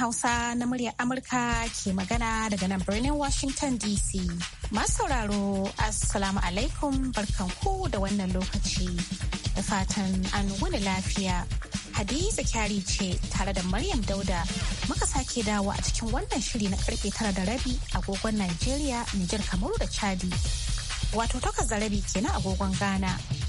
Hausa na muryar Amurka ke magana daga nan birnin Washington DC. Masauraro, sauraro, Assalamu alaikum barkanku da wannan lokaci. Da fatan an wuni lafiya. Hadiza kyari ce tare da Maryam Dauda muka sake dawo a cikin wannan shiri na karfe tara da rabi agogon Najeriya, Nijar Kamaru da Chadi. Wato takwas da rabi kenan agogon Ghana.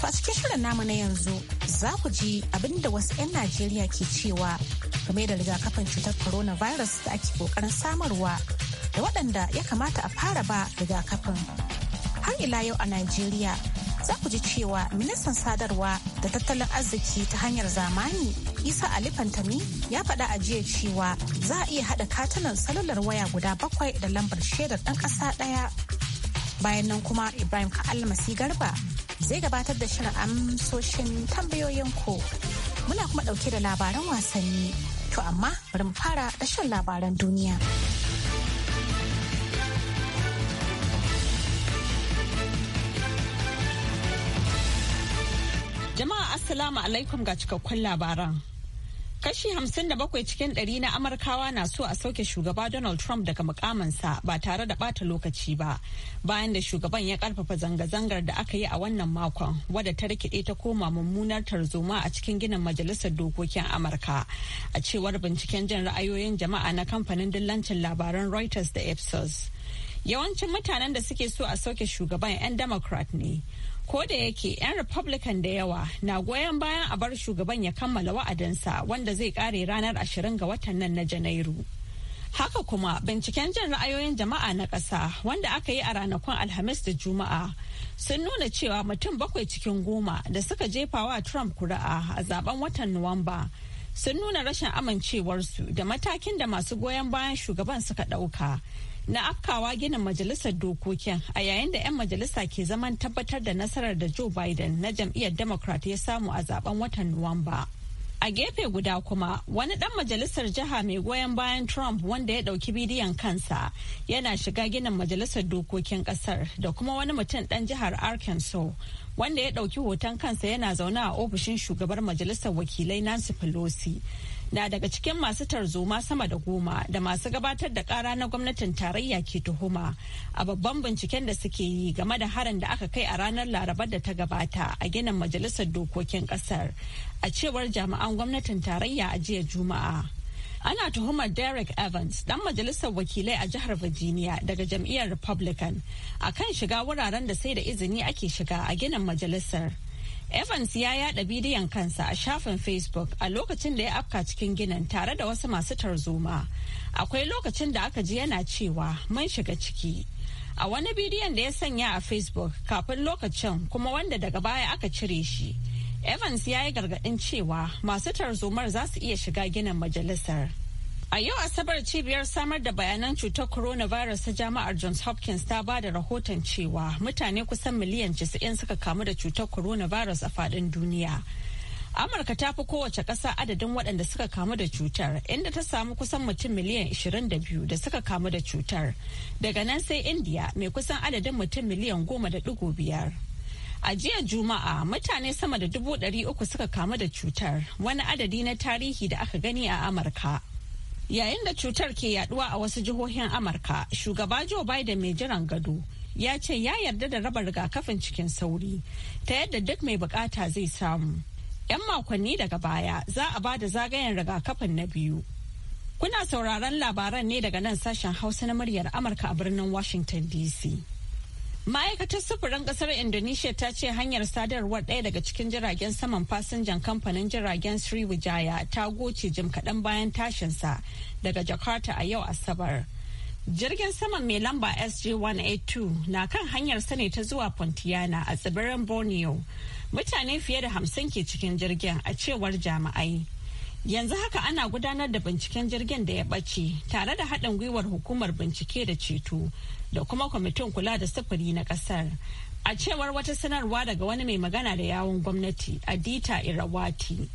To a cikin shirin namu na yanzu za ku ji abin da wasu 'yan Najeriya ke cewa game da rigakafin cutar coronavirus da ake kokarin samarwa da waɗanda ya kamata a fara ba rigakafin. Har ila yau a Najeriya za ku ji cewa ministan sadarwa da tattalin arziki ta hanyar zamani isa ali fantami ya faɗa a jiya cewa za a iya haɗa katunan salular waya guda bakwai da lambar shaidar ɗan ƙasa ɗaya bayan nan kuma ibrahim ka'al garba zai gabatar da shirin amsoshin tambayoyin ku Muna kuma ɗauke da labaran wasanni. To amma bari mu fara da shan labaran duniya. Jama'a Assalamu alaikum ga cikakkun labaran. Kashi hamsin da bakwai cikin ɗari na Amurkawa na so a sauke shugaba Donald Trump daga mukamansa ba tare da bata lokaci ba bayan da shugaban ya karfafa zanga-zangar da aka yi a wannan makon wadda ta rikide ta koma mummunar tarzoma a cikin ginin majalisar dokokin Amurka a cewar binciken jin ra'ayoyin jama'a na kamfanin dillancin labaran Reuters da Ipsos. Yawancin mutanen da suke so a sauke shugaban 'yan Democrat ne. ko da yake 'yan republican da yawa na goyon bayan a bar shugaban ya kammala wa'adansa wanda zai kare ranar ashirin ga watan nan na janairu haka kuma binciken jin ra'ayoyin jama'a na ƙasa wanda aka yi a ranakun alhamis da juma'a sun nuna cewa mutum bakwai cikin goma da suka jefa wa trump kuri'a a zaben watan nuwamba sun nuna rashin amincewarsu da matakin da masu goyon bayan shugaban suka ɗauka na afkawa ginin majalisar dokokin a yayin da 'yan majalisa ke zaman tabbatar da nasarar da joe biden na jam'iyyar democrat ya samu a zaben watan nuwamba a gefe guda kuma wani dan majalisar jiha mai goyon bayan trump wanda ya dauki bidiyon kansa yana shiga ginin majalisar dokokin kasar da kuma wani mutum dan jihar arkansas wanda ya dauki hoton kansa yana zaune a ofishin shugabar majalisar wakilai nancy pelosi na daga cikin masu tarzoma sama da goma da masu gabatar da ƙara na gwamnatin tarayya ke tuhuma a babban binciken da suke yi game da harin da aka kai a ranar larabar da ta gabata a ginin majalisar dokokin ƙasar. a cewar jami'an gwamnatin tarayya a jiya juma'a ana tuhumar derek evans dan majalisar wakilai a jihar virginia daga jam'iyyar republican akan shiga wuraren da sai da izini ake shiga a ginin majalisar Evans ya yada bidiyon kansa a shafin Facebook a lokacin da ya afka cikin ginin tare da wasu masu tarzoma. Akwai lokacin da aka ji yana cewa mun shiga ciki. A wani bidiyon da ya sanya a Facebook kafin lokacin kuma wanda daga baya aka cire shi. Evans ya yi gargadin cewa masu tarzomar za su iya shiga ginin majalisar. A yau Asabar cibiyar samar da bayanan cutar coronavirus ta Jama'ar Johns Hopkins ta ba da rahoton cewa mutane kusan miliyan 90 suka kamu da cutar coronavirus a faɗin duniya. Amurka ta fi kowace ƙasa adadin waɗanda suka kamu da cutar inda ta samu kusan mutum miliyan 22 da suka kamu da cutar. Daga nan sai India mai kusan adadin mutum miliyan biyar. A jiya Juma'a mutane sama da dubu ɗari uku suka kamu da cutar wani adadi na tarihi da aka gani a Amurka. Yayin da cutar ke yaduwa a wasu jihohin Amurka, shugaba Joe Biden mai jiran gado ya ce ya yarda da raba rigakafin cikin sauri ta yadda duk mai bukata zai samu. 'Yan makonni daga baya za a ba da zagayen rigakafin na biyu. Kuna sauraron labaran ne daga nan sashen Hausa na muryar Amurka a birnin Washington DC. Ma'aikatar sufurin kasar Indonesia ta ce hanyar sadarwar ɗaya daga cikin jiragen saman fasinjan kamfanin jiragen Sriwijaya ta goce jim kaɗan bayan tashinsa daga Jakarta a yau Asabar. Jirgin saman mai lamba SG-182 na kan hanyar sane ta zuwa Pontiana a tsibirin Borneo. Mutane fiye da hamsin ke cikin jirgin a cewar jami'ai. Yanzu haka ana gudanar da binciken jirgin da ya ɓace tare da haɗin gwiwar hukumar bincike da ceto da kuma kwamitin kula da sufuri na ƙasar. A cewar wata sanarwa daga wani mai magana da yawon gwamnati Adita Irawati.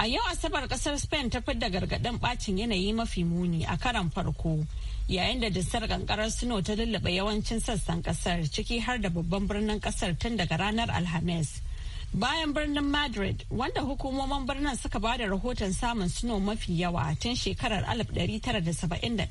A yau Asabar ƙasar Spain ta fidda gargaɗin ɓacin yanayi mafi muni a karan farko yayin da disar kankarar Sino ta lulluɓe yawancin sassan ƙasar ciki har da babban birnin ƙasar tun daga ranar Alhamis. Bayan birnin Madrid, wanda hukumomin birnin suka ba da rahoton samun suno mafi yawa tun shekarar 1971,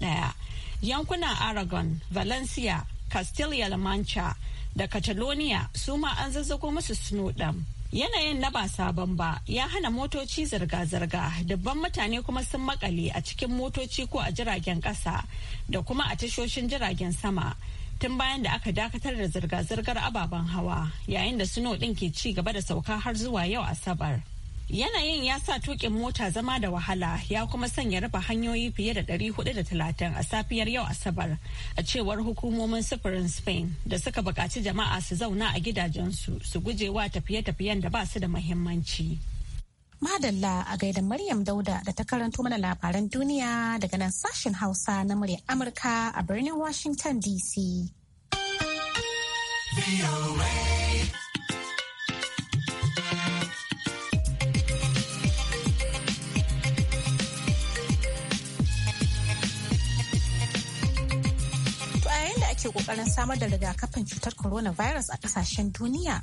yankunan Aragon, Valencia, Castilla-La Mancha da Catalonia su ma an zazzago musu suno ɗan. Yanayin na ba sabon ba ya hana motoci zirga-zirga, dubban mutane kuma sun makale a cikin motoci ko a jiragen ƙasa da kuma a tashoshin jiragen sama. tun bayan da aka dakatar da zirga-zirgar ababen hawa yayin da suno ɗin ke ci gaba da sauka har zuwa yau asabar yanayin ya sa tukin mota zama da wahala ya kuma sanya rufe hanyoyi fiye da 430 a safiyar yau asabar a cewar hukumomin sufurin spain da suka buƙaci jama'a su zauna a gidajensu su gujewa tafiye-tafiyen da ba su da muhimmanci. Madalla a gaida Maryam Dauda da ta karanto mana labaran duniya daga nan sashen Hausa na murya Amurka a birnin Washington DC. ake kokarin samar da rigakafin cutar coronavirus a kasashen duniya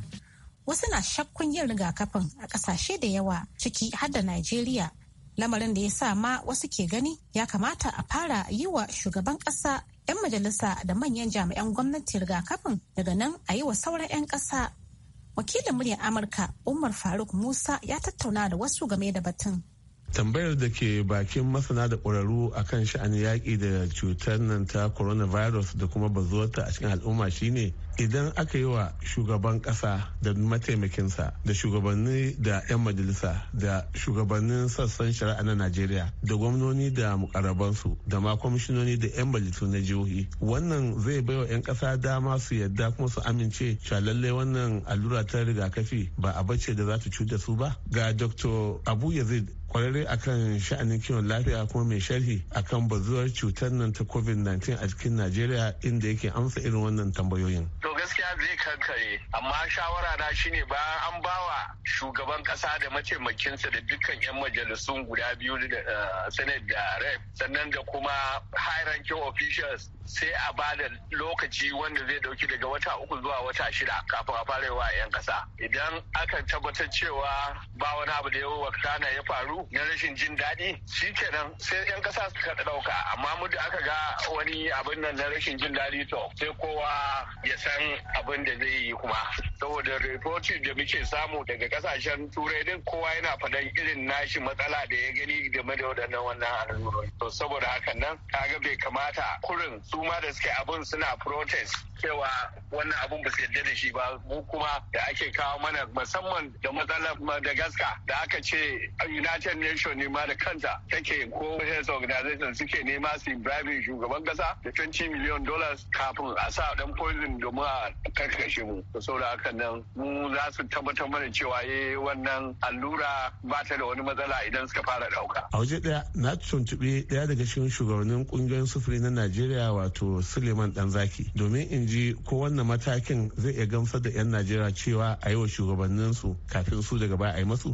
wasu na shakkun yin rigakafin a kasashe da yawa ciki har da Najeriya. Lamarin da ya sa ma wasu ke gani ya kamata a fara yi wa shugaban ƙasa 'yan majalisa da manyan jami'an gwamnati rigakafin daga nan a yi wa sauran 'yan ƙasa. Wakilin muryar Amurka Umar Faruk Musa ya tattauna da wasu game da batun. tambayar da ke bakin masana da ƙwararru a kan sha'anin yaƙi da cutar nan ta coronavirus da kuma bazuwarta a cikin al'umma shine idan aka yi wa shugaban kasa da mataimakinsa da shugabanni da 'yan majalisa da shugabannin sassan shari'a na najeriya da gwamnoni da mukarabansu da ma kwamishinoni da 'yan majalisu na jihohi wannan zai baiwa 'yan kasa dama su yadda kuma su amince cewa wannan allura ta rigakafi ba a bace da za ta cuta su ba ga dr abu yazid kwararre akan sha'anin kiwon lafiya kuma mai sharhi akan bazuwar cutar nan ta covid-19 a cikin najeriya inda yake amsa irin wannan tambayoyin to gaskiya zai kankare amma shawara na shine bayan an bawa shugaban kasa da mataimakinsa da dukkan yan majalisun guda biyu da eh, senate da rep sannan da kuma high ranking officials sai a ba da lokaci wanda zai dauki daga wata uku zuwa wata shida kafin a fara wa 'yan kasa idan aka tabbatar cewa ba wani abu da yawa kana ya faru na rashin jin daɗi shikenan sai 'yan kasa suka ɗauka amma da aka ga wani abin nan na rashin jin daɗi to sai kowa ya san abin da zai yi kuma saboda reporti da muke samu daga kasashen turai din kowa yana faɗan irin nashi matsala da ya gani game da waɗannan wannan al'amuran to saboda hakan nan kaga bai kamata kurin su su ma da suke abun suna protest cewa wannan abun ba su yarda da shi ba mu kuma da ake kawo mana musamman da matsalar Madagascar da aka ce United nation ne ma da kanta take ko Health Organization suke nema su bribe shugaban kasa da 20 million dollars kafin a sa dan poison domin a karkashe mu saboda hakan nan mu za su tabbatar mana cewa eh wannan allura ba ta da wani matsala idan suka fara dauka. A waje daya na tuntuɓi daya daga cikin shugabannin kungiyoyin sufuri na Najeriya wato Suleiman Danzaki domin in ji ko wannan matakin zai iya gamsar da 'yan najeriya cewa a yi wa shugabanninsu kafin su daga baya a yi masu?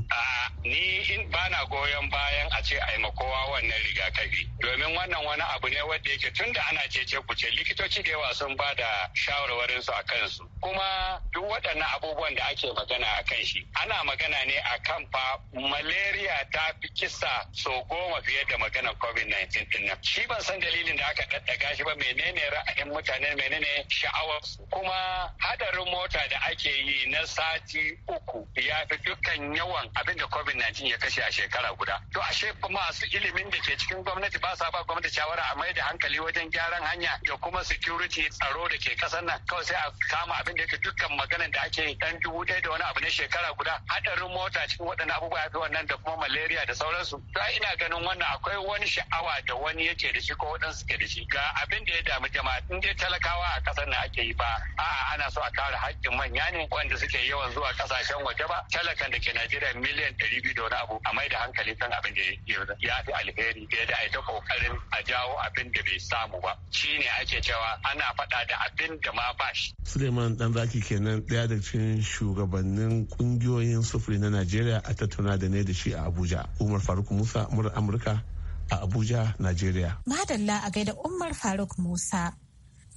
ni in bana goyon bayan a ce ai kowa wannan rigakafi domin wannan wani abu ne wanda yake da ana cece kuce likitoci da yawa sun ba da shawarwarin su akan su kuma duk waɗannan abubuwan da ake magana akan shi ana magana ne akan fa malaria ta fi kisa so goma fiye da magana covid-19 din shi ban san dalilin da aka daddaga shi ba menene ra'ayin mutane menene sha'awar kuma hadarin mota da ake yi na sati uku ya fi dukkan yawan abin da covid covid-19 ya kashe a shekara guda to ashe masu ilimin da ke cikin gwamnati ba sa ba gwamnati shawara a mai da hankali wajen gyaran hanya da kuma security tsaro da ke kasar nan kawai sai a kama abin da yake dukkan maganan da ake dan dubu ɗaya da wani abu na shekara guda hadarin mota cikin waɗannan abubuwa ya fi wannan da kuma malaria da sauransu to ina ganin wannan akwai wani sha'awa da wani yake da shi ko waɗansu ke da shi ga abin da ya damu jama'a in dai talakawa a kasar nan ake yi ba a'a ana so a kare haƙƙin manya ne wanda suke yawan zuwa kasashen waje ba talakan da ke Najeriya miliyan ɗari bi da wani abu a mai da hankali kan abin da ya fi alheri fiye da ya kokarin a jawo abin da bai samu ba shine ake cewa ana faɗa da abin da ma ba shi. Suleiman zaki kenan ɗaya da cikin shugabannin ƙungiyoyin sufuri na Najeriya a tattauna da ne da shi a Abuja. Umar Faruk Musa, murar Amurka a Abuja, Najeriya. Madalla a gaida Umar Faruk Musa.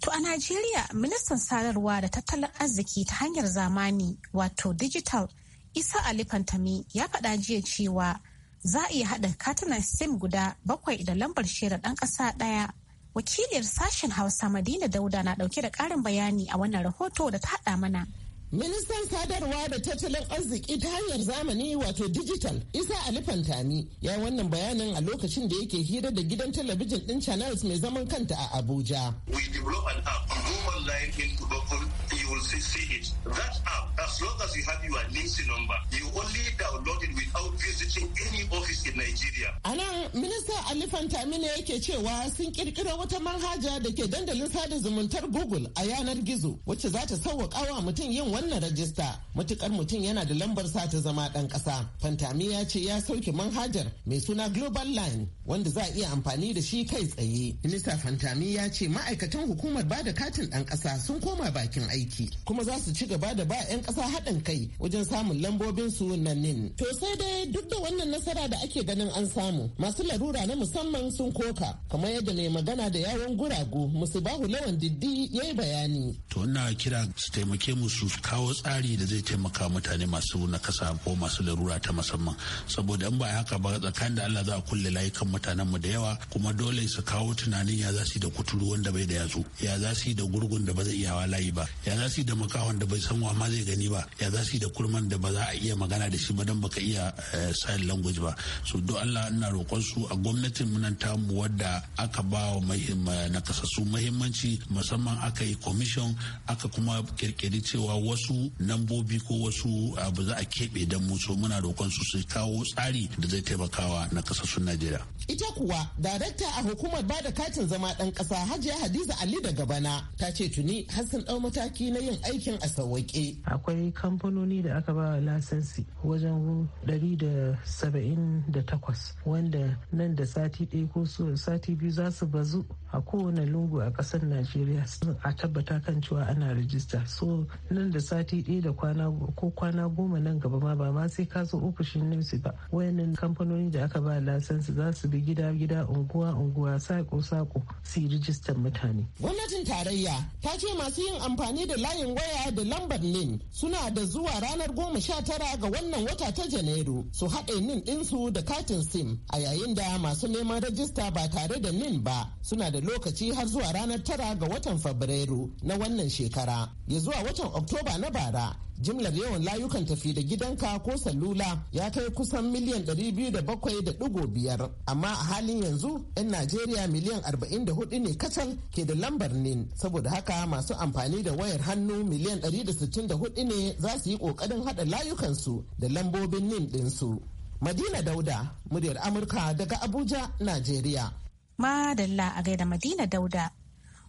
To a Najeriya, ministan sadarwa da tattalin arziki ta hanyar zamani wato digital isa ali fantami ya faɗa jiya cewa za a iya haɗa katunan sim guda bakwai da lambar shera ɗan ƙasa ɗaya wakiliyar sashen hausa madina dauda na ɗauke da ƙarin bayani a wannan rahoto da ta haɗa mana Ministan sadarwa da tattalin arziki ta hanyar zamani wato digital Isa Ali Fantami ya yi wannan bayanin a lokacin da yake hira da gidan talabijin ɗin channels mai zaman kanta a Abuja. We develop an app, in will see, see it. That app, as long as you have your number, you only download it without visiting any office in Nigeria. Ana minista Ali Fantami ne yake cewa sun kirkira wata manhaja da ke dandalin sada zumuntar Google a yanar gizo wacce za ta sauwaƙa wa mutum yin wannan rajista matukar mutum yana da lambar sa ta zama ɗan ƙasa. Fantami ya ce ya sauke manhajar mai suna Global Line wanda za a iya amfani da shi kai tsaye. Minista Fantami ya ce ma'aikatan hukumar bada katin ɗan ƙasa sun koma bakin aiki. kuma za su ci gaba da ba 'yan kasa haɗin kai wajen samun lambobin su nan nin. To sai dai duk da wannan nasara da ake ganin an samu masu larura na musamman sun koka kamar yadda mai magana da yawon guragu musu bahu lawan diddi ya bayani. To ina kira su taimake mu su kawo tsari da zai taimaka mutane masu nakasa ko masu larura ta musamman saboda in ba haka ba tsakanin da Allah za a kulle layukan mutanen mu da yawa kuma dole su kawo tunanin ya za su yi da kuturu wanda bai da yatsu ya za su yi da gurgun da ba zai iya hawa layi ba ya za za su da makawan da bai san wa ma zai gani ba ya za su yi da kurman da ba za a iya magana da shi ba don baka iya eh, sign language ba so don Allah ina roƙon su a gwamnatin munan tamu wadda aka ba wa eh, nakasassu mahimmanci musamman aka yi commission aka kuma kirkiri cewa wasu nambobi ko wasu eh, abu za a keɓe don mu so muna roƙon su su kawo tsari da zai taimakawa nakasassun Najeriya. Ita kuwa darakta a hukumar ba da katin zama ɗan ƙasa Hajiya Hadiza Ali daga bana ta ce tuni har sun ɗau mataki na yin aikin a sauwaƙe. Akwai kamfanoni da aka ba lasansi wajen 178 wanda nan da sati ɗaya ko sati biyu za su bazu a kowane lungu a ƙasar najeriya a tabbata kan cewa ana rijista so nan da sati ɗaya da kwana ko kwana goma nan gaba ma ba ma sai ka zo ofishin nemsi ba wayannan kamfanoni da aka ba lasansu za su bi gida gida unguwa unguwa sako sako su yi rijistar mutane gwamnatin tarayya ta ce masu yin amfani da layin waya da lambar nin suna da zuwa ranar goma sha tara ga wannan wata ta janairu su haɗe nin ɗinsu da katin sim a yayin da masu neman rajista ba tare da nin ba suna da lokaci har zuwa ranar tara ga watan Fabrairu na wannan shekara. Ya zuwa watan Oktoba na bara jimlar yawan layukan tafi da gidanka ko salula ya kai kusan miliyan 207.5 amma a halin yanzu 'yan najeriya miliyan 44 ne kacal ke da lambar nin saboda haka masu amfani da wayar hannu miliyan 164 ne za su yi kokarin hada layukansu da lambobin nin dinsu madina dauda muryar amurka daga abuja najeriya Madalla a gaida Madina Dauda.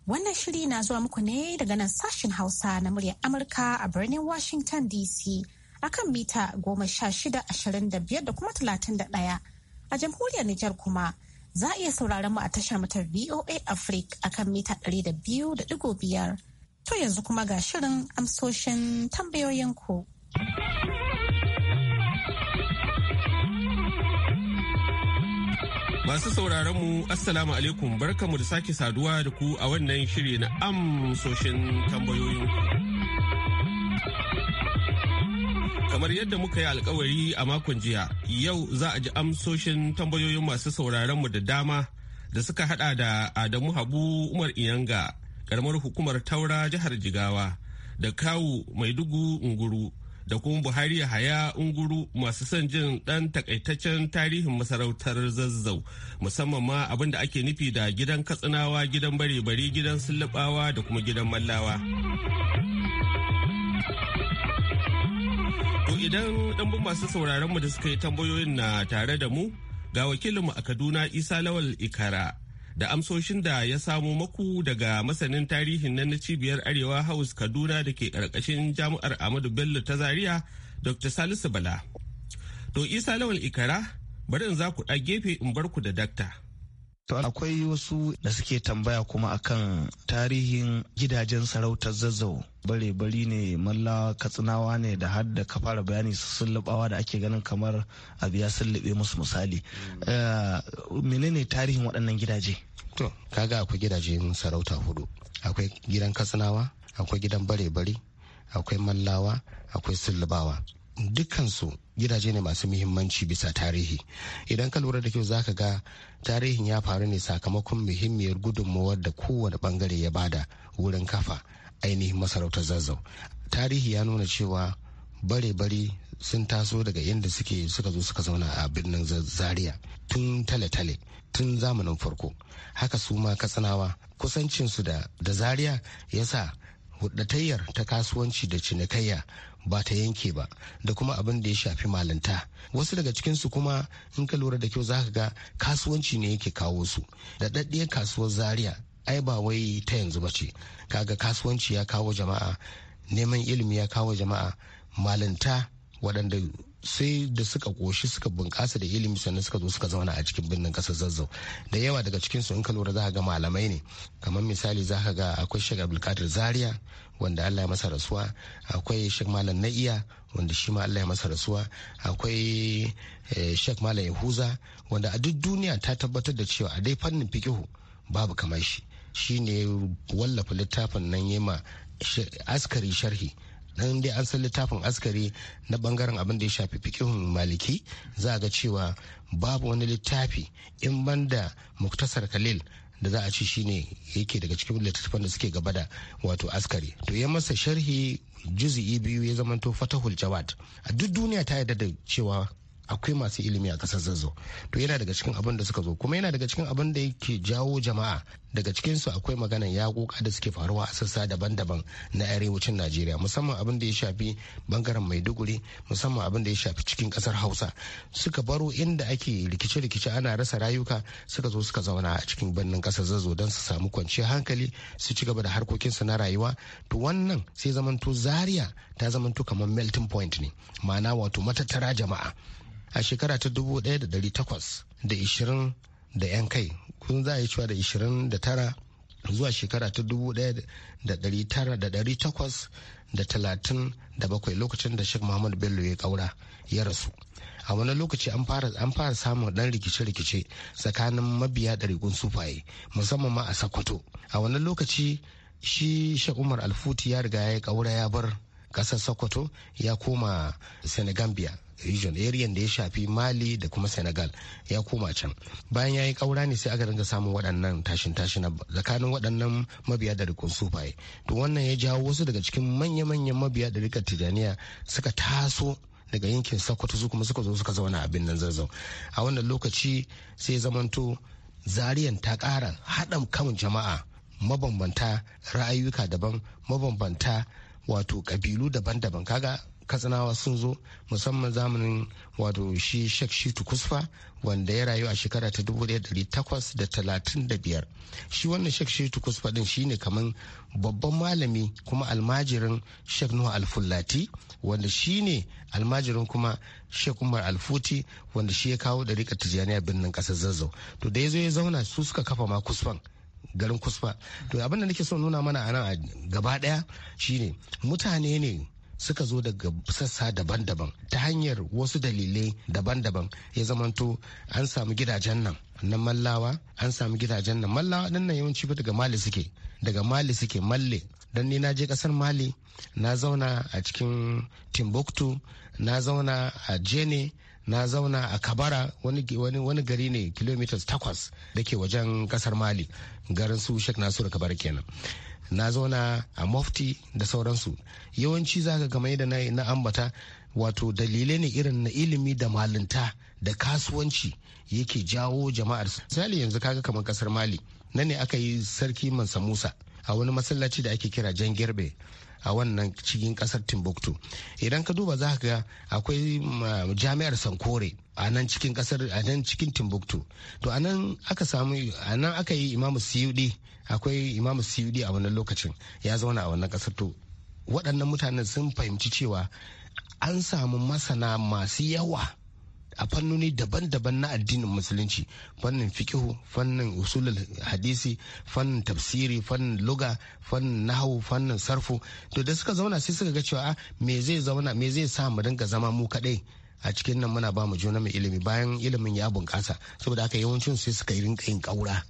Wannan shiri na zuwa muku ne daga nan sashen Hausa na muryar Amurka a birnin Washington DC akan mita goma sha shida ashirin da kuma talatin da ɗaya. A jamhuriyar Nijar kuma za a iya sauraron mu a tashar matar VOA Africa akan mita ɗari da da ɗigo biyar. To yanzu kuma ga shirin amsoshin tambayoyin ku. Masu sauraron mu Assalamu alaikum barkamu da sake saduwa da ku a wannan shiri na amsoshin tambayoyin. Kamar yadda muka yi alkawari a makon jiya, yau za a ji amsoshin tambayoyin masu sauraron mu da dama da suka hada da Adamu Habu Umar Iyanga, karamar hukumar Taura jihar Jigawa, da Kawu Maiduguri Nguru, da kuma buhari haya unguru masu son jin dan takaitaccen tarihin masarautar zazzau musamman ma abin da ake nufi da gidan katsinawa gidan bare-bari gidan sullubawa da kuma gidan mallawa to idan ɗanbun masu sauraron mu da suka yi tambayoyin na tare da mu ga wakilinmu a kaduna isa lawal ikara da amsoshin da ya samu maku daga masanin tarihin nan na cibiyar arewa house kaduna da ke karkashin jami'ar amadu bello ta zaria dr salisu bala to isa lawal ikara bari in za ku ɗa gefe in bar ku da dakta To akwai wasu da suke tambaya kuma akan tarihin gidajen sarautar zazzau bare-bari ne malla katsinawa ne da har ka fara bayani su sullubawa da ake ganin kamar abu ya sullube musu misali. Eh, menene tarihin waɗannan gidaje? To, kaga akwai gidajen sarauta hudu. Akwai gidan katsinawa, akwai gidan bare-bari, akwai mallawa, akwai sullubawa. dukansu gidaje ne masu muhimmanci bisa tarihi idan ka lura da kyau zaka ga tarihin ya faru ne sakamakon muhimmiyar gudunmawar da kowane bangare ya bada wurin kafa ainihin masarautar zazzau tarihi ya nuna cewa bare-bare sun taso daga inda suke suka zo suka zauna a birnin zaria tun tale-tale tun zamanin farko haka su ma katsinawa kusancinsu da zaria ya sa hudatayyar ta kasuwanci da cinikayya ba ta yanke ba da kuma abin da ya shafi malanta wasu daga cikinsu kuma in ka lura da kyau za ka ga kasuwanci ne yake kawo su da daddiyar kasuwar zaria ai ba wai ta yanzu ba ce kaga kasuwanci ya kawo jama'a neman ilimi ya kawo jama'a malanta waɗanda sai da suka koshi suka bunƙasa da ilimi sannan suka zo suka zauna a cikin birnin ƙasar zazzau da yawa daga cikin su in ka lura za ga malamai ne kamar misali za ka ga akwai shek abdulkadir zaria wanda allah ya masa rasuwa akwai shek malam na'iya wanda shi ma allah ya masa rasuwa akwai eh, shek malam yahuza wanda a duk duniya ta tabbatar da cewa a dai fannin fikihu babu kamar shi shine wallafa littafin nan yema askari sharhi nan dai an san littafin askari na bangaren abin da ya shafi fikihun maliki za a ga cewa babu wani littafi in banda muktasar khalil da za a ci shine yake daga cikin littattafan da suke gaba da wato askari to ya masa sharhi juzi biyu ya zamanto fatahul jawad a duk duniya ta yarda da cewa akwai masu ilimi a kasar zazzau to yana daga cikin abin da suka zo kuma yana daga cikin abin da yake jawo jama'a daga cikinsu akwai maganan yaƙoƙa da suke faruwa a sassa daban-daban na arewacin najeriya musamman abin da ya shafi bangaren maiduguri musamman abin da ya shafi cikin kasar hausa suka baro inda ake rikice-rikice ana rasa rayuka suka zo suka zauna a cikin birnin kasar zazzau don su samu kwanciyar hankali su ci gaba da harkokinsu na rayuwa to wannan sai zamanto zaria ta zamanto kamar melting point ne ma'ana wato matattara jama'a a shekara ta 1820 da 'yan kai kun za a yi cewa da 29 zuwa shekara ta bakwai? lokacin da Sheikh Muhammad Bello ya kaura ya rasu. A wani lokaci an fara an fara samun dan rikice-rikice tsakanin mabiya ɗarigun sufaye musamman ma a Sokoto. A wani lokaci shi shek Umar Alfuti ya riga ya kaura ya bar ƙasar Sokoto ya koma Senegambia region area da ya shafi mali da kuma senegal ya koma can bayan ya yi kaura ne sai aka dinga samun waɗannan tashin tashin tsakanin waɗannan mabiya da rikon sufaye to wannan ya jawo wasu daga cikin manya-manyan mabiya da rikar tijaniya suka taso daga yankin sokoto su kuma suka zo suka zauna abin nan zazzau a wannan lokaci sai zamanto zariyan ta ƙara haɗa kan jama'a mabambanta ra'ayuka daban mabambanta wato kabilu daban-daban kaga katsinawa sun zo musamman zamanin wato shi shek kusfa wanda ya rayu a shekara ta da biyar shi wannan shek shitu kusfa din shine kamar babban malami kuma almajirin shek nuhu alfullati wanda shine almajirin kuma shek umar alfuti wanda shi ya kawo ɗariƙa tijaniya birnin ƙasar zazzau to da ya zo ya zauna su suka kafa ma kusfan garin kusfa to abinda nake so nuna mana a nan a gaba ɗaya shine mutane ne suka zo daga sassa daban-daban ta hanyar wasu dalilai daban-daban ya zamanto an samu gidajen nan na mallawa an samu gidajen nan mallawa nan yawanci ba daga mali suke daga mali suke malle don ni na je kasar mali na zauna a cikin timbuktu na zauna a jene na zauna a kabara wani, gari ne kilomitas takwas da ke wajen kasar mali garin su shek da kabara kenan na zauna a mofti da sauransu yawanci zaka game da na ambata wato dalilai ne irin na ilimi da malinta da kasuwanci yake jawo jama'ar misali yanzu kaga kamar kasar mali nan ne aka yi sarki mansa musa a wani masallaci da ake kira jan gerbe a wannan cikin kasar timbuktu idan ka duba za ga akwai mm, jami'ar sankore a nan cikin kasar a nan cikin timbuktu to a nan aka yi imamu siyudi akwai imamu siyudi a wannan lokacin ya zauna a wannan kasar to waɗannan mutanen sun fahimci cewa an samu masana masu yawa a fannoni daban-daban na addinin musulunci fannin fikihu fannin usulul hadisi fannin tafsiri fannin luga fannin nahu fannin sarfu to da suka zauna sai suka ga cewa ah, me zai zauna me zai sa mu dinga zama mu kadai a cikin nan muna ba mu juna mai ilimi bayan ilimin ya bunƙasa saboda haka yawancin sai suka rinka yin ƙaura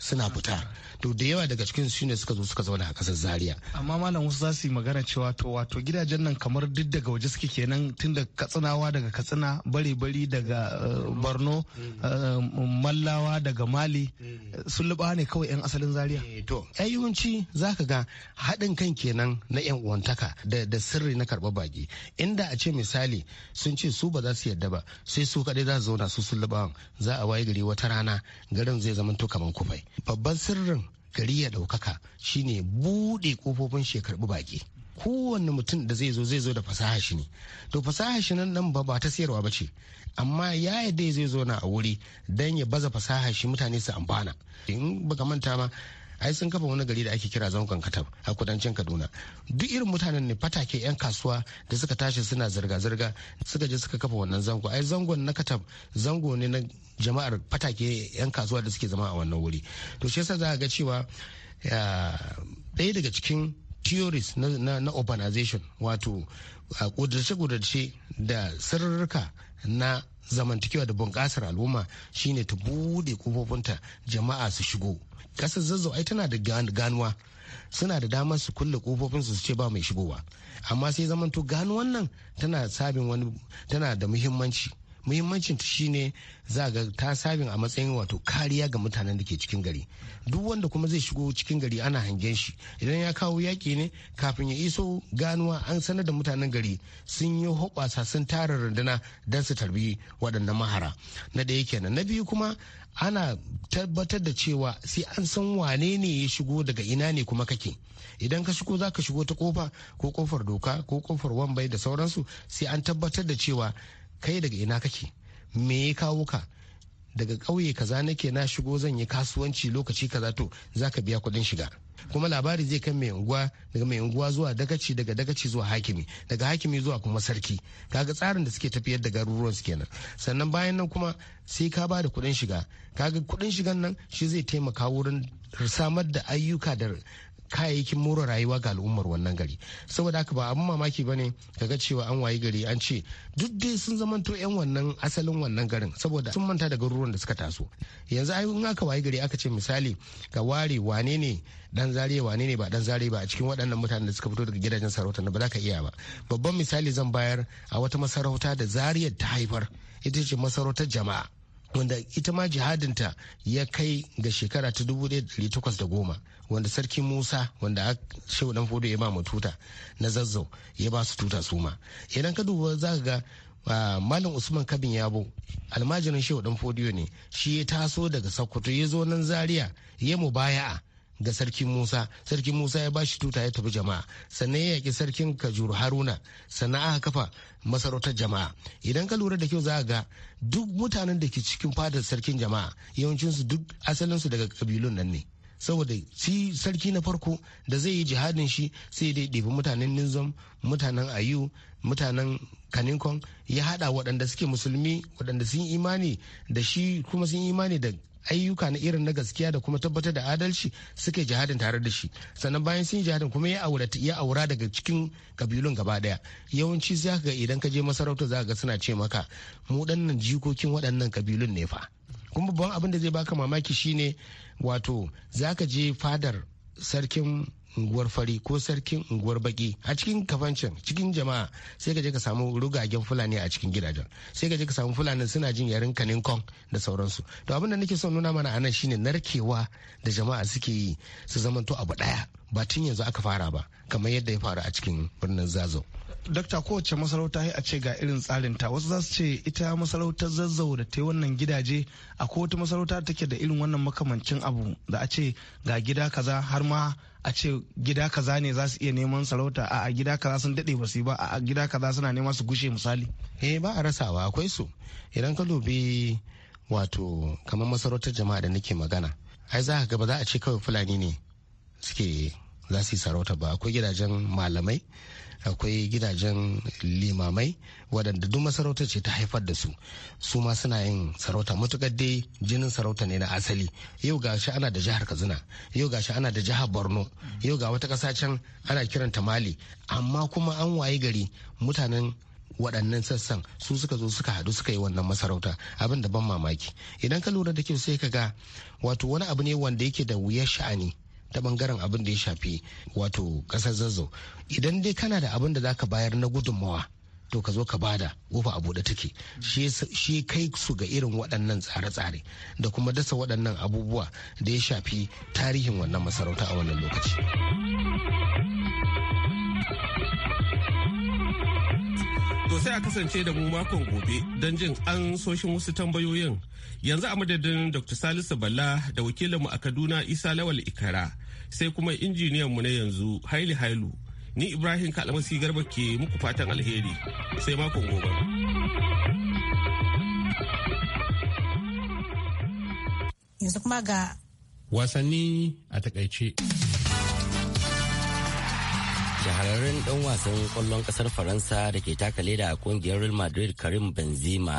suna fita to da yawa daga cikin su ne suka zo suka zauna a kasar zaria amma malam wasu za su yi magana cewa to wato gidajen nan kamar duk daga waje suke kenan tun da katsinawa daga katsina bare bari daga eh, borno eh, mallawa daga mali eh, sun luba ne kawai yan asalin zaria to za zaka ga haɗin kan kenan na yan uwantaka da sirri na karɓar baki inda a ce misali sun ce su ba za su yadda ba sai su kaɗai za su zauna su sun za a waye gari wata rana garin zai zama to kamar kufai babban sirrin gari ya ɗaukaka shine buɗe kofofin shekarbu baƙi kowanne mutum da zai zo zai zo da fasaha shi ne to fasaha shi nan nan ba ba ta sayarwa ba ce amma ya yadda zai zo na a wuri don ya baza fasaha shi mutane su amfana in baka manta ma ai sun kafa wani gari da ake kira zangon katab a kudancin kaduna duk irin mutanen ne fatake yan kasuwa da suka tashi suna zirga-zirga suka je suka kafa wannan zango ai zangon na katab zango ne na jama'ar fatake yan kasuwa da suke zama a wannan wuri to shi yasa za ga cewa ɗaya daga cikin theories na, urbanization wato a kudurce-kudurce da sirrika na zamantakewa da bunƙasar al'umma shine ta bude kofofinta jama'a su shigo kasar zazzau ai tana da ganuwa suna da damar su kulle kofofin su ce ba mai shigowa amma sai zamanto ganuwan nan tana sabin wani tana da muhimmanci muhimmancin ta shine za ga ta sabin a matsayin wato kariya ga mutanen da ke cikin gari duk wanda kuma zai shigo cikin gari ana hangen shi idan ya kawo yaƙi ne kafin ya iso ganuwa an sanar da mutanen gari sun yi hoɓasa sun tara runduna don su tarbi waɗannan mahara na ɗaya kenan na biyu kuma ana tabbatar da cewa sai an san wane ne ya shigo daga ina ne kuma kake idan ka shigo za ka shigo ta kofa ko kofar doka ko kofar wambai da sauransu sai an tabbatar da cewa kai daga ina kake me ya kawo ka daga ƙauye kaza nake na shigo zan yi kasuwanci lokaci kaza to zaka biya kuɗin shiga kuma labari zai kan mai unguwa daga mai unguwa zuwa dagaci daga dagaci zuwa hakimi daga hakimi zuwa kuma sarki kaga tsarin da suke tafiyar da garuruwan su kenan sannan bayan nan kuma sai ka ba da kuɗin shiga kaga kuɗin shigan nan shi zai taimaka wurin samar da ayyuka da kayayyakin more rayuwa ga al'ummar wannan gari saboda haka ba abin mamaki bane kaga cewa an wayi gari an ce duk dai sun zamanto yan wannan asalin wannan garin saboda sun manta da garuruwan da suka taso yanzu ai in aka wayi gari aka ce misali ga ware wane ne dan zare wane ne ba dan zariya ba a cikin waɗannan mutanen da suka fito daga gidajen sarauta ba za ka iya ba babban misali zan bayar a wata masarauta da zariyar ta haifar ita ce masarautar jama'a wanda ita ma jihadinta ya kai ga shekara ta goma wanda sarki musa wanda shehu dan fodo ya ba mu tuta na zazzau ya ba su tuta su ma idan ka duba za ga malam usman kabin yabo almajirin shehu dan fodiyo ne shi ya taso daga sokoto ya zo nan zaria ya mu baya'a ga sarki musa sarki musa ya bashi tuta ya tafi jama'a sannan ya yaki sarkin kajuru haruna sannan aka kafa masarautar jama'a idan ka lura da kyau za ga duk mutanen da ke cikin fadar sarkin jama'a yawancinsu duk asalinsu daga kabilun nan ne saboda shi sarki na farko da zai yi jihadin shi sai dai ɗebi mutanen ninzom mutanen ayu mutanen kaninkon ya hada waɗanda suke musulmi waɗanda sun imani da shi kuma sun imani da ayyuka na irin na gaskiya da kuma tabbatar da adalci suke jihadin tare da shi sannan bayan sun yi jihadin kuma ya aura ya aura daga cikin kabilun gaba daya yawanci za ka ga idan ka je masarauta za ga suna ce maka mu nan jikokin waɗannan kabilun ne fa kuma babban abin da zai baka mamaki shine wato za ka je fadar sarkin unguwar fari ko sarkin unguwar baki a cikin kafancin cikin jama'a sai ka je ka samu rugagen fulani a cikin gidajen sai ka je ka samu fulani suna jin yarin kanin kong da sauransu to abin da nake son nuna mana anan shine narkewa da jama'a suke yi su zamanto abu daya ba tun yanzu aka fara ba kamar yadda ya faru a cikin birnin zazo dakta kowace masarauta a ce ga irin tsarin ta wasu za ce ita masarautar zazzau da ta wannan gidaje a wata masarauta take da irin wannan makamancin abu da a ce ga gida kaza har ma a ce gida kaza ne za iya neman sarauta a gida kaza sun dade ba su ba a gida kaza suna nema su gushe misali eh ba a rasawa akwai su idan ka dubi wato kamar masarautar jama'a da nake magana ai za ka ga ba za a ce kawai fulani ne suke za su yi sarauta ba akwai gidajen malamai akwai gidajen limamai waɗanda duk masarautar ce ta haifar da su su ma suna yin sarauta matukar dai jinin sarauta ne na asali yau ga shi ana da jihar kazuna yau ga shi ana da jihar borno yau ga wata ƙasa can ana kiranta mali amma kuma an waye gari mutanen waɗannan sassan su suka zo suka haɗu suka yi wannan masarauta abin da ban mamaki idan ka lura da kyau sai ka ga wato wani abu ne wanda yake da wuyar sha'ani ta bangaren abin da ya shafi wato kasar zazzau idan dai kana da abin da zaka bayar na gudunmawa to ka zo ka bada kofa a buɗe take shi kai su ga irin waɗannan tsare-tsare da kuma dasa waɗannan abubuwa da ya shafi tarihin wannan masarauta a wannan lokaci To sai a kasance da mu makon gobe don jin an soshin wasu tambayoyin. Yanzu a madadin Dr. Salisu bala da wakilinmu a Kaduna Isa Lawal Ikara sai kuma injiniyan mu na yanzu haili hailu ni ibrahim kalamasi garba ke muku fatan alheri sai makon gobe yanzu kuma ga wasanni a takaice shahararren dan wasan kwallon kasar faransa da ke taka leda a kungiyar real madrid karim benzema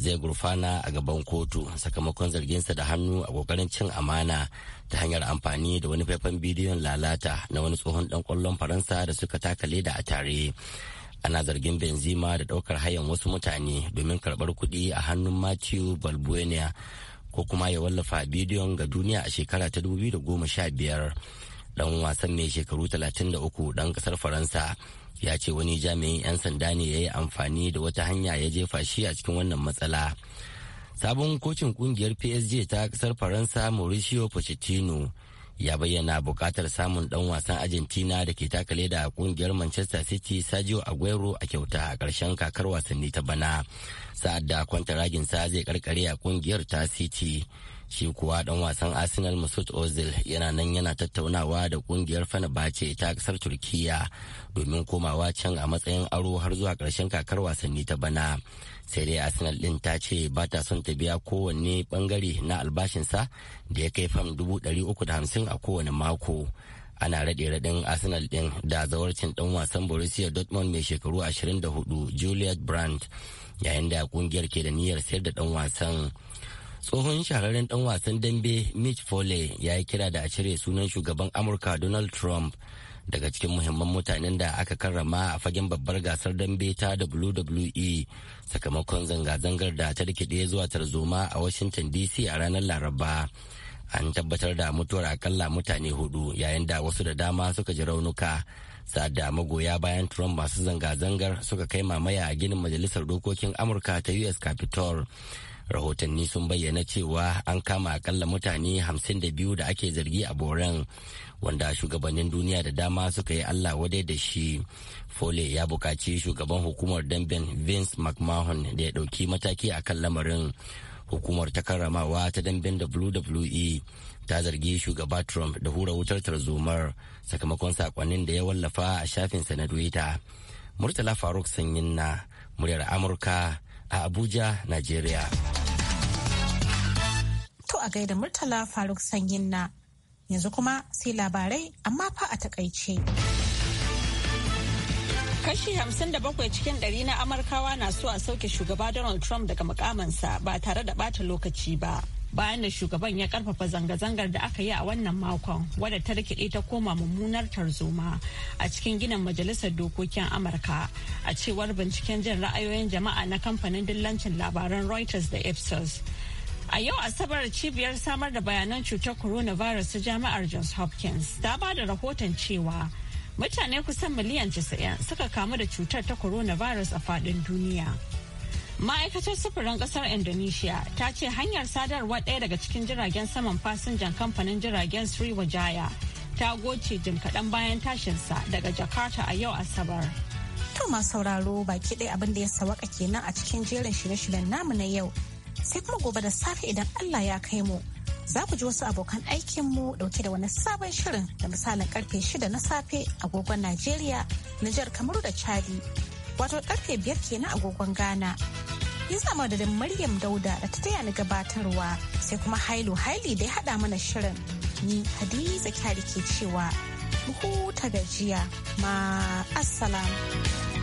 zai gurfana a gaban kotu sakamakon zarginsa da hannu a kokarin cin amana ta hanyar amfani da wani faifan bidiyon lalata na wani tsohon dan kwallon faransa da suka taka leda a tare ana zargin benzima da daukar hayan wasu mutane domin karbar kuɗi a hannun matthew balbuena ko kuma ya wallafa bidiyon ga duniya a shekara ta 2015 dan wasan mai shekaru 33 dan kasar faransa ya ce wani jami'in 'yan sanda ne ya yi amfani da wata hanya ya jefa shi a cikin wannan matsala sabon kocin kungiyar psg ta kasar faransa mauricio pochettino ya bayyana buƙatar samun dan wasan argentina da ke takale da kungiyar manchester city sergio aguero a kyauta a ƙarshen kakar wasanni ta bana sa'ad da kwantaraginsa zai karkare a kungiyar ta city shi kuwa dan wasan arsenal masud ozil yana nan yana tattaunawa da kungiyar fenerbahce ta kasar turkiya domin komawa can a matsayin aro har zuwa karshen kakar wasanni ta bana sai dai arsenal din ta ce ba ta son ta biya kowanne bangare na albashinsa da ya kai fam dubu da hamsin a kowane mako ana raɗe raɗin arsenal ɗin da zawarcin ɗan wasan borussia dortmund mai shekaru 24 juliet brandt yayin da kungiyar ke da niyyar sayar da ɗan wasan tsohon shahararren dan wasan dambe mitch foley ya yi kira da a cire sunan shugaban amurka donald trump daga cikin muhimman mutanen da aka karrama a fagen babbar gasar dambe ta wwe sakamakon zanga-zangar da ta rikide zuwa tarzoma a washington dc a ranar laraba an tabbatar da mutuwar akalla mutane hudu yayin da wasu da dama suka ji raunuka da magoya bayan trump masu zanga-zangar suka kai mamaya a ginin majalisar dokokin amurka ta us capitol rahotanni sun bayyana cewa an kama akalla mutane 52 da ake zargi a boran wanda shugabannin duniya da dama suka yi allah wadai da shi fole ya bukaci shugaban hukumar damben vince mcmahon da ya ɗauki mataki a kan lamarin hukumar ta karramawa ta damben wwe ta zargi shugaba trump da hura wutar tarzomar sakamakon sakonnin da ya wallafa a shafin na twitter murtala faruk sanyin na muryar amurka a abuja nigeria a gaida Murtala Faruk Sanyin na. Yanzu kuma sai labarai amma fa a takaice. Kashi hamsin da bakwai cikin ɗari na Amurkawa na so a sauke shugaba Donald Trump daga mukamansa ba tare da ɓata lokaci ba. Bayan da shugaban ya karfafa zanga-zangar da aka yi a wannan makon wadda ta rikide ta koma mummunar tarzoma a cikin ginin majalisar dokokin Amurka a cewar binciken jin ra'ayoyin jama'a na kamfanin dillancin labaran Reuters da Ipsos. A yau Asabar cibiyar samar da bayanan cutar coronavirus ta jami'ar Johns Hopkins ta ba da rahoton cewa mutane kusan miliyan 90 suka kamu da cutar ta coronavirus a fadin duniya. Ma'aikatar sufurin Kasar Indonesia ta ce hanyar sadarwa ɗaya daga cikin jiragen saman fasinjan kamfanin jiragen Sriwijaya ta goce jim kaɗan bayan tashinsa daga Jakarta a yau Asabar. To sauraro baki ɗaya abin da ya sawaka kenan a cikin jerin shirye-shiryen namu na yau sai kuma gobe da safe idan Allah ya kai mu. Za ku ji wasu abokan aikinmu dauke da wani sabon shirin da misalin karfe shida na safe agogon Najeriya, Nijar Kamaru da Chadi, wato karfe biyar kenan agogon Ghana. Yi zama da Maryam Dauda da ta taya ni gabatarwa sai kuma Hailu Haili da ya haɗa mana shirin. Ni Hadiza Kyari ke cewa, mu huta gajiya, ma